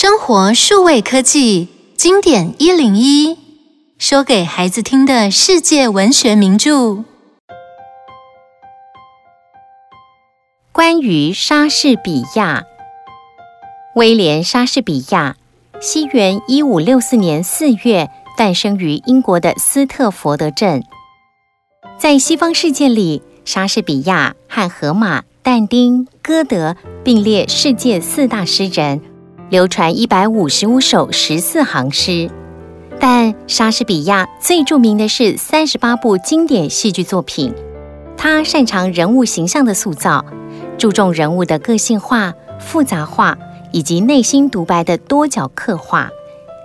聲活數位科技經典一零一，說給孩子聽的世界文學名著。關於莎士比亞，威廉·莎士比亞，西元一五六四年四月，誕生於英國的斯特佛德鎮。在西方世界裡，莎士比亞和荷馬、但丁、歌德並列世界四大詩人。流傳一百五十五首十四行詩，但莎士比亞最著名的是三十八部經典戲劇作品。他擅長人物形象的塑造，注重人物的個性化、複雜化以及內心獨白的多角刻畫，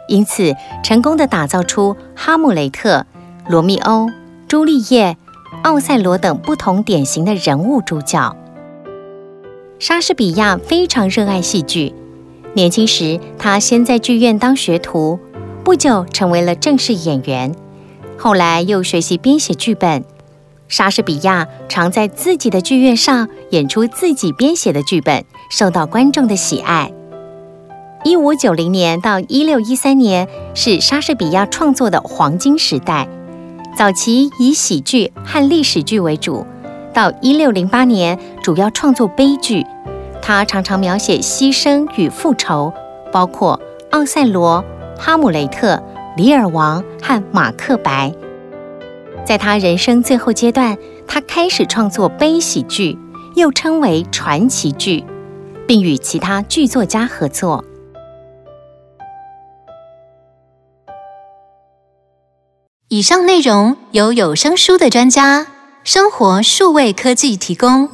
因此成功地打造出哈姆雷特、羅密歐、朱麗葉、奧賽羅等不同典型的人物主角。莎士比亞非常熱愛戲劇。年輕時，他先在劇院當學徒，不久成為了正式演員。後來又學習編寫劇本。莎士比亞常在自己的劇院上演出自己編寫的劇本，受到觀眾的喜愛。一五九零年到一六一三年，是莎士比亞創作的黃金時代。早期以喜劇和歷史劇為主，到一六零八年主要創作悲劇。他常常描寫犧牲與復仇，包括《奧賽羅》《哈姆雷特》《李爾王》和《馬克白》。在他人生最後階段，他開始創作悲喜劇，又稱為傳奇劇，並與其他劇作家合作。以上內容由有聲書的專家聲活數位科技提供。